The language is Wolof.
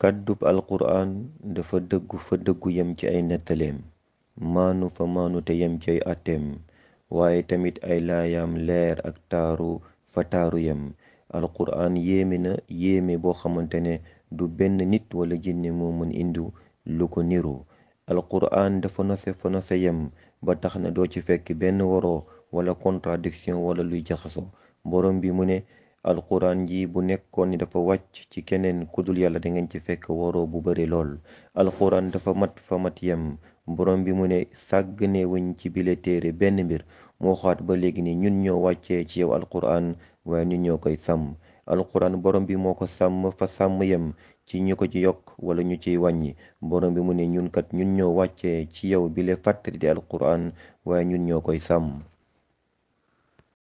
kàddub alquran dafa dëggu fa dëggu yem ci ay nettaleem maanu fa maanu te yem ci ay atteem waaye tamit ay laayaam leer ak taaru fa taaru yem alquran yéeme na yéeme boo xamante ne du benn nit wala jinne moo mën indi lu ko niru alquran dafa nose fa nose yem ba tax na doo ci fekk benn waroo wala contradiction wala luy jaxasoo borom bi mu ne alquran ji bu nekkoon ni dafa wàcc ci keneen kudul yàlla da ngeen ci fekk waroo bu bëri lool alquran dafa mat fa mat yem borom bi mu ne sàgg newuñ ci bile téere benn mbir moo xaat ba léegi ni ñun ñoo wàccee ci yow alquran waaye ñun ñoo koy sàmm alquran borom bi moo ko sàmm fa sàmm yem ci ñu ko ci yokk wala ñu ciy wàññi borom bi mu ne ñun kat ñun ñoo wàccee ci yow bile fàttali di alquran waaye ñun ñoo koy sàmm